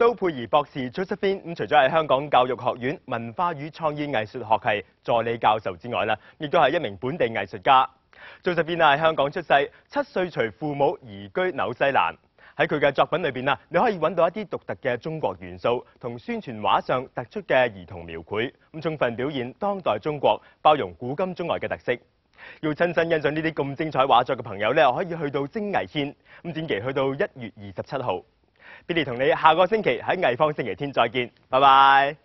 都佩儀博士 Josephine，咁除咗係香港教育學院文化與創意藝術學系助理教授之外咧，亦都係一名本地藝術家。Josephine 啊，係香港出世，七歲隨父母移居紐西蘭。喺佢嘅作品裏面，你可以揾到一啲獨特嘅中國元素同宣傳畫上突出嘅兒童描繪，咁充分表現當代中國包容古今中外嘅特色。要親身欣賞呢啲咁精彩畫作嘅朋友咧，可以去到精藝軒，咁展期去到一月二十七號。Billy 同你下個星期喺藝坊星期天再見，拜拜。